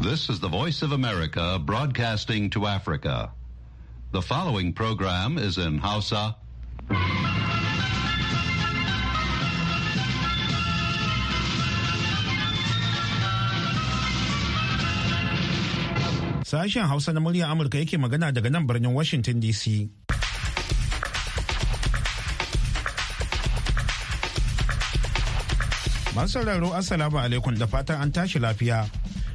This is the Voice of America broadcasting to Africa. The following program is in Hausa. Sashen Hausa na murya Amurka yake magana daga nan birnin Washington DC. Masu sauraro Assalamu alaikum da fatan an tashi lafiya.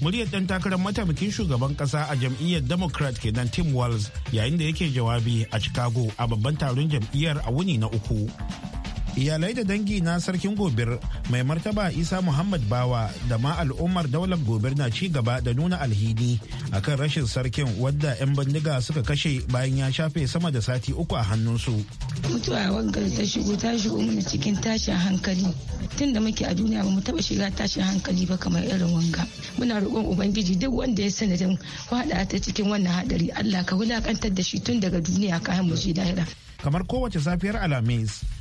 muryar ɗan takarar mataimakin shugaban ƙasa a jam'iyyar democrat kenan tim walz yayin da yake jawabi a chicago a babban taron jam'iyyar a wuni na uku iyalai da dangi na sarkin gobir mai martaba isa muhammad bawa da ma al'ummar daular gobir na ci gaba da nuna alhini akan rashin sarkin wadda 'yan bindiga suka kashe bayan ya shafe sama da sati uku a hannunsu mutuwa wangar ta shigo ta shigo mana cikin tashin hankali tun da muke a duniya ba mu taba shiga tashin hankali ba kamar irin wanga muna roƙon ubangiji duk wanda ya sanadin fada ta cikin wannan hadari allah ka wulakantar da shi tun daga duniya kayan mu lahira kamar kowace safiyar alhamis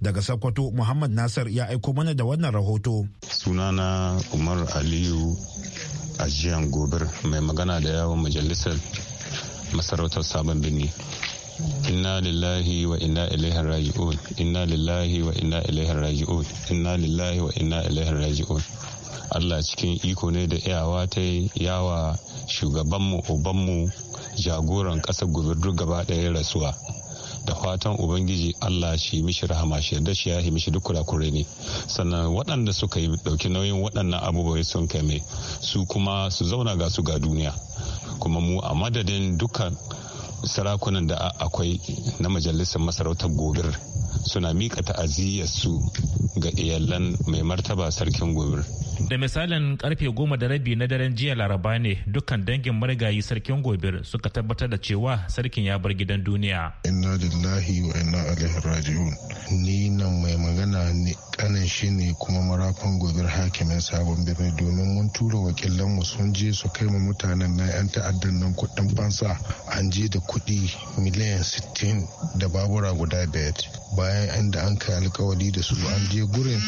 Daga Sokoto Muhammad Nasir ya aiko mana da wannan rahoto. Sunana Umar Aliyu a jiyan Gobir mai magana da yawon majalisar masarautar sabon birni. inna lillahi wa inna ilaihi raji'un inna lillahi wa inna ilaihi raji'un inna lillahi wa inna ilaihi raji'un Allah cikin iko ne da iyawa ta yawa shugabanmu obanmu jagoran ƙasar gobe duk gaba ɗaya rasuwa da fatan ubangiji allah shi mishi rahama shi yadda shi ya yi mishi duk kurakure ne sannan waɗanda suka yi ɗauki nauyin waɗannan abubuwa sun kame su kuma su zauna ga su ga duniya kuma mu a madadin dukkan sarakunan da akwai na majalisar masarautar gobir suna miƙa ta'aziyyar su ga iyalan mai martaba sarkin gobir da misalin karfe goma da rabi na daren jiya laraba ne dukkan dangin marigayi sarkin gobe suka tabbatar da cewa sarkin ya bar gidan duniya inna lillahi wa inna ilaihi raji'un ni nan mai magana ne kanin shi ne kuma marafan gobir hakimin sabon birni domin mun tura wakilan mu sun je su kai mu mutanen na yan ta'addan nan kudin fansa an je da kudi miliyan sittin da babura guda biyar bayan inda an kai alkawari da su an je gurin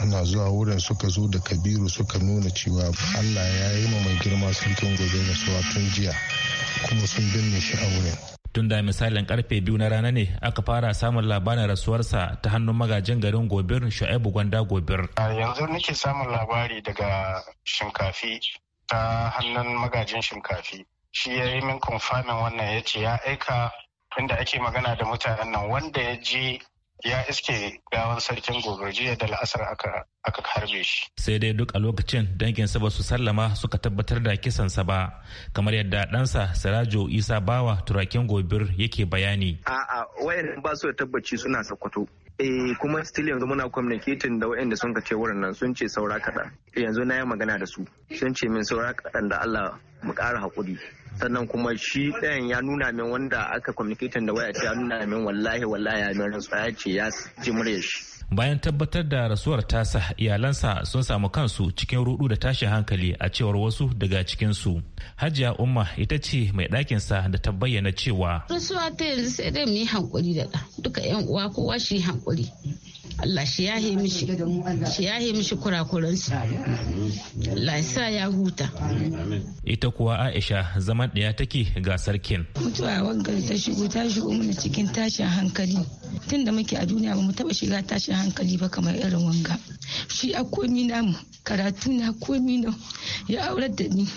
ana zuwa wurin suka zo da kabiru suka nuna cewa allah ya yi ma mai girma sarkin gobe rasuwa tun jiya kuma sun binne shi a wurin tun da misalin karfe biyu na rana ne aka fara samun labarin rasuwarsa ta hannun magajin garin gobir shu'aibu gwanda gobir yanzu nake samun labari daga shinkafi ta hannun magajin shinkafi shi ya yi min wannan ya ce ya aika inda ake magana da mutanen nan wanda ya je ya iske gawan sarkin gobe jiya da la'asar aka harbe shi. Sai dai duk a lokacin danginsa ba su sallama suka tabbatar da kisan sa ba kamar yadda ɗansa Sirajo Isa Bawa turakin gobir yake bayani. A'a wayan ba su da tabbaci suna sakwato. eh kuma still yanzu muna communicating da waɗanda sun kace wurin nan sun ce saura kaɗan yanzu na yi magana da su sun ce min saura kaɗan da Allah mu ƙara haƙuri sannan kuma shi ɗayan ya nuna min wanda aka communicating da waya ce ya nuna min wallahi wallahi ya min ya ce ya ji muryar shi bayan tabbatar da rasuwar tasa iyalansa sun samu kansu cikin rudu da tashin hankali a cewar wasu daga cikinsu hajiya umma ita ce mai ɗakinsa da ta bayyana cewa rasuwa ta yanzu sai dai mu yi hankuri da duka yan uwa kowa shi hankuri Allah shi yahe mishi shi yahe mishi kurakuransu Allah sa ya huta ita kuwa Aisha zaman ɗaya take ga sarkin mutuwa wangar ta shigo ta shigo mana cikin tashin hankali tun da muke a duniya ba mu taba shiga tashin hankali ba kamar irin wanga shi a komi namu karatu na komi na ya aurar da ni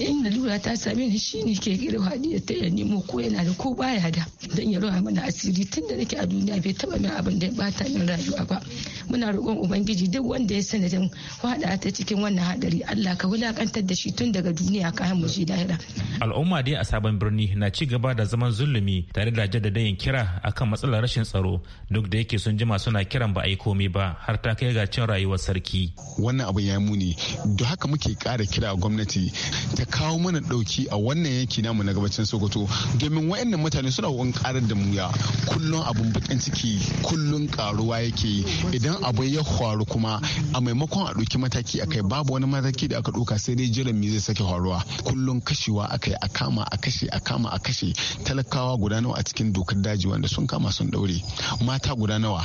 in lalura ta same ni shine ke gida hadiya ta ya nemo ko yana da ko baya da dan ya rawa mana asiri tun da nake a duniya bai taba min abin da ya bata min rayuwa ba muna roƙon ubangiji duk wanda ya sanadin wada ta cikin wannan hadari Allah ka wulakantar da shi tun daga duniya kayan mu shi lahira al'umma dai a sabon birni na ci gaba da zaman zulumi tare da jaddada yin kira akan matsalar rashin tsaro duk da yake sun jima suna kiran ba a yi komai ba har ta kai ga cin rayuwar sarki wannan abu ya muni da haka muke kara kira gwamnati ta kawo mana dauki a wannan yanki namu na gabacin sokoto domin wayannan mutane suna wani karar da muya kullum abun bakin ciki kullum karuwa yake idan abu ya faru kuma a maimakon a ɗauki mataki akai babu wani mataki da aka ɗauka sai dai jiran me zai sake faruwa kullum kashewa akai a kama a kashe a kama a kashe talakawa guda nawa a cikin dokar daji wanda sun kama sun ɗaure mata guda nawa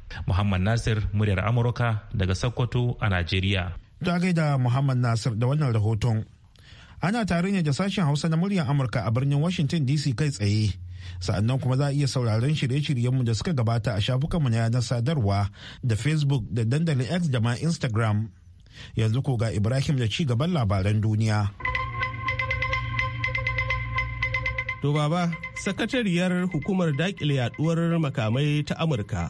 Muhammad Nasir muryar Amurka daga Sokoto a Najeriya. Da gaida Muhammad Nasir da wannan rahoton. Ana tare da sashen Hausa na muryar Amurka a birnin Washington DC kai tsaye. Sa'annan kuma za a iya sauraron shirye-shiryenmu da suka gabata a shafukanmu na yanar sadarwa da Facebook da dandalin X da ma Instagram. Yanzu ko ga Ibrahim da ci gaban labaran duniya. To baba, sakatariyar hukumar dakile yaduwar makamai ta Amurka.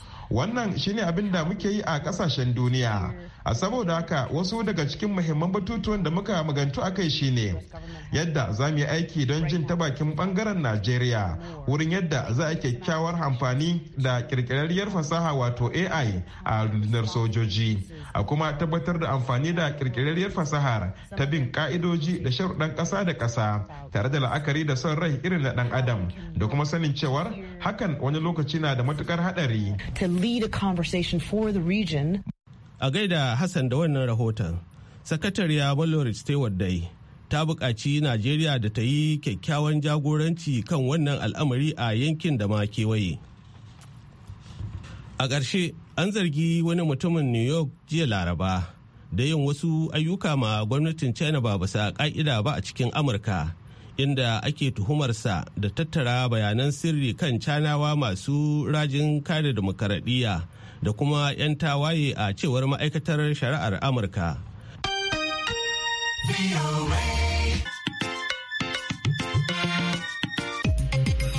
wannan shine abin da muke yi a kasashen duniya a saboda haka wasu daga cikin muhimman batutuwan da muka magantu a kai shine yadda za mu yi aiki don jin ta bakin bangaren najeriya wurin yadda za a kyakkyawar amfani da kirkirarriyar fasaha wato ai a rundunar sojoji a kuma tabbatar da amfani da kirkirarriyar fasaha ta bin ka'idoji da sharuɗan ƙasa da ƙasa tare da la'akari da son rai irin na ɗan adam da kuma sanin cewar hakan wani lokaci na da matukar haɗari. A gaida Hassan da wannan rahoton, Sakatariya Mallory Stewart dai ta buƙaci Najeriya da ta yi kyakkyawan jagoranci kan wannan al'amari a yankin da ma kewaye. A ƙarshe an zargi wani mutumin new york jiya laraba da yin wasu ayyuka ma gwamnatin china ba bisa ka'ida ba a cikin amurka inda ake tuhumarsa da tattara bayanan sirri kan canawa masu rajin kare demokaradiyya da kuma 'yan tawaye a cewar ma'aikatar shari'ar amurka.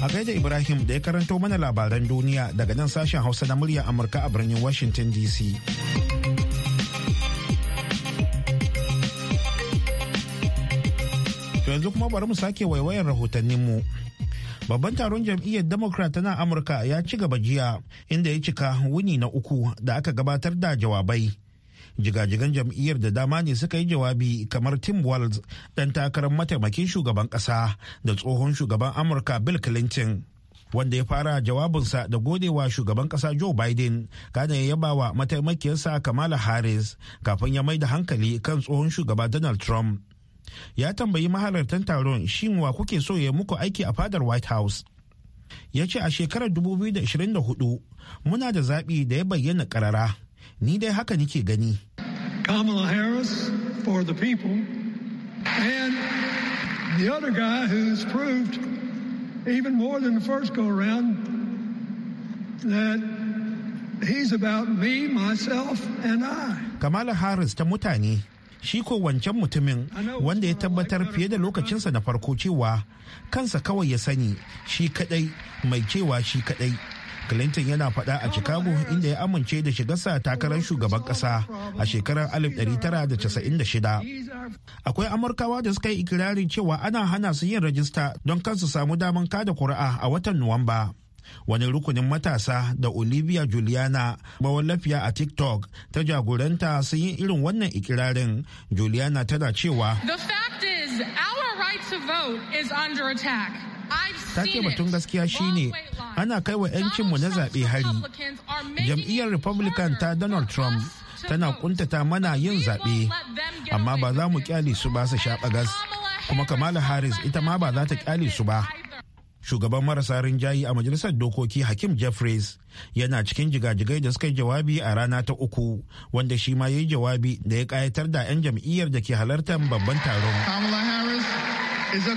A gaida Ibrahim da ya karanto mana labaran duniya daga nan sashen Hausa na murya Amurka a birnin Washington DC. yanzu kuma bari mu sake waiwayar rahotanninmu. Babban taron jam'iyyar Democrat tana Amurka ya ci gaba jiya inda ya cika wuni na uku da aka gabatar da jawabai. jigajigan jam'iyyar da dama ne suka yi jawabi kamar tim walz dan takarar mataimakin shugaban kasa da tsohon shugaban amurka bill clinton wanda ya fara jawabinsa da godewa shugaban kasa joe biden kada ya yaba wa mataimakiyarsa kamala harris kafin ya mai da hankali kan tsohon shugaba donald trump ya tambayi mahalartan taron shin wa kuke so ya muku aiki a fadar white house ya ce a shekarar 2024 muna da zaɓi da ya bayyana ƙarara ni dai haka nike gani Kamala Harris for the people and the other guy who's proved even more than the first go around that he's about me myself and I Kamala Harris ta mutane shi ko wancan mutumin wanda ya tabbatar fiye da lokacinsa na farko cewa kansa kawai ya sani shi kadai mai cewa shi kadai clinton yana faɗa a chicago inda ya amince da shigarsa takarar shugaban ƙasa a shekarar 1996 akwai amurkawa da suka yi ikirarin cewa ana hana su yin rajista don kansu samu daman kada kuri'a a watan nuwamba wani rukunin matasa da olivia juliana mawallafiya a tiktok ta jagoranta sun yi irin wannan ikirarin juliana tana cewa the fact is our right to vote is under attack take batun gaskiya shine ana kai wa 'yancinmu na zaɓe hari jam'iyyar republican ta donald trump tana kuntata mana yin zaɓe amma ba za mu kyale su ba su shaɓa gas kuma kamala harris ita ma ba za ta kyale su ba shugaban marasa rinjayi a majalisar dokoki hakim jeffries yana cikin jigajigai da suka yi jawabi a rana ta uku wanda shi ma ya yi jawabi da ya kayatar da 'yan jam'iyyar da ke halartar babban taron. Kamala Harris is a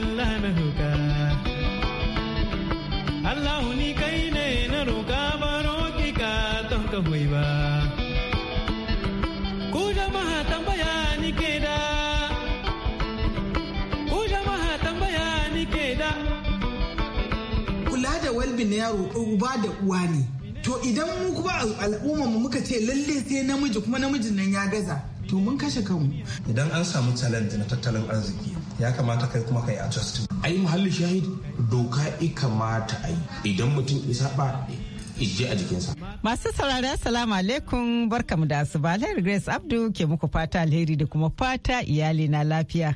annabi na yaro uba da uwa ne to idan mu kuma al'umma mu muka ce lalle sai namiji kuma namijin nan ya gaza to mun kashe kanmu idan an samu talent na tattalin arziki ya kamata kai kuma kai adjusting ai muhalli shahid doka i kamata ai idan mutum isa ba ije a jikin sa. masu saurari assalamu alaikum barkamu da asuba alheri grace abdu ke muku fata alheri da kuma fata iyali na lafiya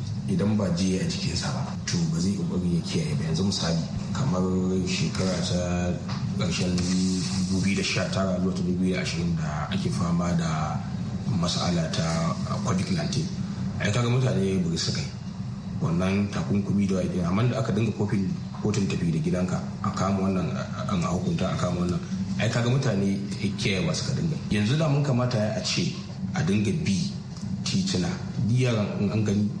idan ba jiye a jikinsa ba to ba zai kokari ya kiyaye ba yanzu misali kamar shekara ta ƙarshen 2019 zuwa ta 2020 da ake fama da masala ta covid-19 a yi kaga mutane buri su kai wannan takunkumi da waje amma da aka dinga kofin kotun tafi da gidanka a kama wannan an a hukunta a kama wannan ai kaga mutane kiyaye ba su ka dinga yanzu da mun kamata a ce a dinga bi titina diyar an gani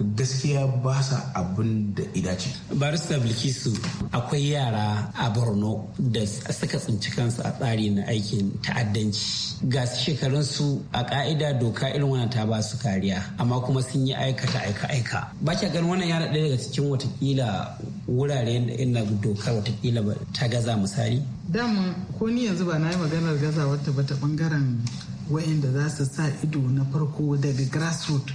gaskiya ba sa abin da idace. barista bilkisu akwai yara a borno da suka tsinci kansu a tsari na aikin ta'addanci ga shekarun su a ka'ida doka irin wannan ta ba su kariya amma kuma sun yi aikata aika aika ba ki ganin wannan yana ɗaya daga cikin watakila wurare da ina doka watakila ta gaza misali dama ko ni yanzu ba na yi maganar gazawar ta bata bangaren wayanda za su sa ido na farko daga grassroots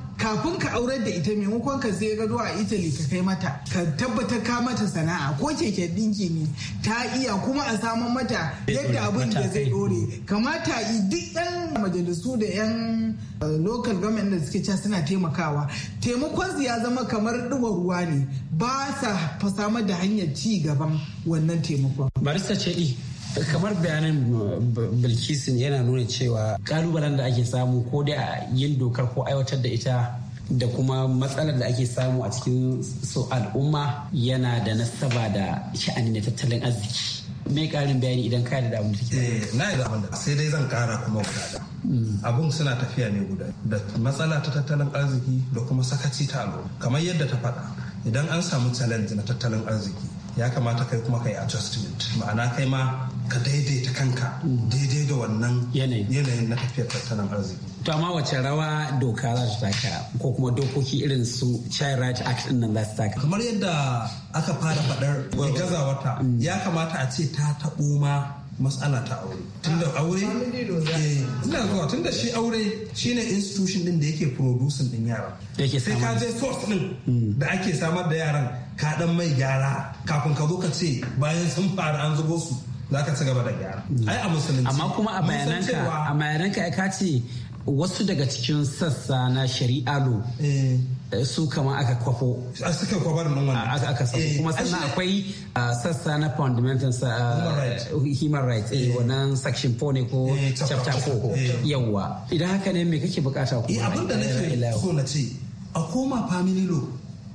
kafin ka aurar da ita maimakon ka zai gado a italy ka kai mata ka tabbatar ka mata sana'a ko keke dinki ne ta iya kuma a samun mata yadda abin da zai dore kamata duk yan majalisu da yan uh, local government da suke cewa suna taimakawa taimakon su ya zama kamar ɗuwar ruwa ne ba sa samar da hanyar ci gaban wannan taimakon barista ce kamar bayanin eh, bilkisun yana nuna cewa kalubalen da ake samu ko da yin dokar ko aiwatar da ita da kuma matsalar da ake samu a cikin su al'umma yana da nasaba da sha'ani da tattalin arziki mai karin bayani idan ka da da eh, na yi da sai dai zan kara kuma guda mm. abun suna tafiya ne guda da matsala ta tattalin arziki da kuma sakaci ta al'umma kamar yadda ta faɗa idan an samu challenge na tattalin arziki ya kamata kai kuma kai adjustment ma'ana kai ma ka daidaita kanka daidai da wannan yanayin na tafiyar tattalin arziki to amma wace rawa doka za su taka ko kuma dokoki irin su child Rights act din nan za su taka kamar yadda aka fara faɗar Gazawata. ya kamata a ce ta taɓo ma matsala ta aure tunda aure eh, ina zuwa tunda shi aure shine institution din da yake producing din yara Yake sai ka je source din mm. da ake samar da yaran ka dan mai gyara kafin ka zo ka ce bayan sun fara an zubo su za ka ci gaba da gyara ai a musulunci amma kuma a bayananka a bayananka ka ce wasu daga cikin sassa na shari'a lo eh. Eh, su kama aka kwafo a suka kwafar nan wannan aka samu eh, kuma sannan akwai ah, sassa na fundamental ah, human rights eh wannan section 4 ne ko chapter 4 yawa idan haka ne me kake bukata kuma abin da nake so na ce a koma family law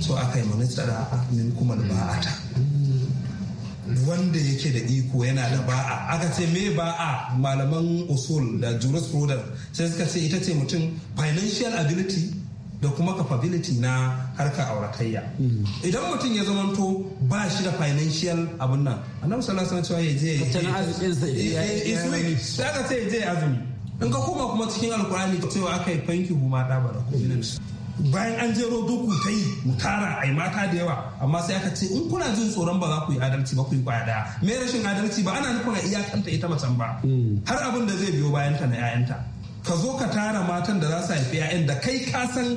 so aka yi manistara min kuma ba'ata wanda yake da iko yana da ba'a aka ce me ba'a malaman usul da jurisprudence sai suka ce ita ce mutum financial ability da kuma capability na harka auratayya idan mutum ya zamanto ba shi da financial abun nan annabi sallallahu alaihi wasallam ya je tattalin arzikin sa ya eh, eh, eh, aka ce ya je azumi in ka koma kuma cikin alkurani cewa aka yi fanki huma da ba da bayan an jero duk ku ta yi mu tara ai mata da yawa amma sai aka ce in kuna jin tsoron ba za ku yi adalci ba ku yi kwaya daya me rashin adalci ba ana nufin a iyakanta ita macen ba hmm. har abin da zai biyo bayan ta na 'ya'yanta ka zo ka tara matan da za su haifi 'ya'yan da kai ka san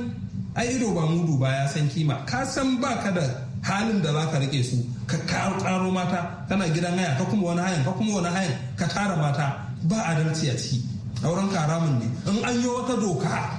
ai ido ba mudu ba ya san kima ka san ba ka da halin da za ka rike su ka karo mata kana gidan haya ka kuma wani hayan ka kuma wani hayan ka tara mata ba adalci a ciki auren karamin ne in an yi wata doka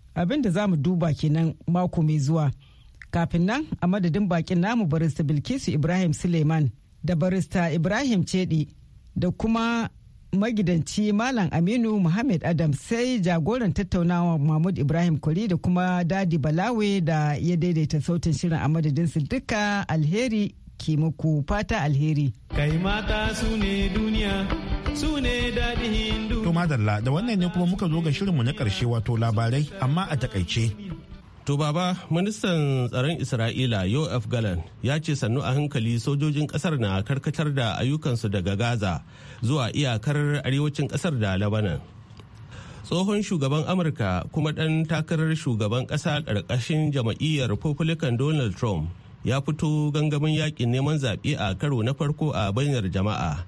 abin da za mu duba kenan mako mai zuwa kafin nan a madadin bakin namu barista bilkisu ibrahim suleiman da barista ibrahim cedi da kuma magidanci malam aminu muhammad adam sai jagoran tattaunawa mahmud ibrahim kuri da kuma dadi balawe da ya daidaita sautin shirin a su duka alheri ke muku fata alheri kai mata su ne duniya su ne daɗin hindu. To madalla da wannan ne kuma muka zo ga shirinmu na ƙarshe wato labarai amma a takaice. To baba ministan tsaron Isra'ila Yoav Galan ya ce sannu a hankali sojojin kasar na karkatar da ayyukansu daga Gaza zuwa iyakar arewacin kasar da Lebanon. Tsohon shugaban Amurka kuma ɗan takarar shugaban ƙasa ƙarƙashin jama'iyyar Republican Donald Trump ya fito gangamin yaƙin neman zaɓe a karo na farko a bayyanar jama'a.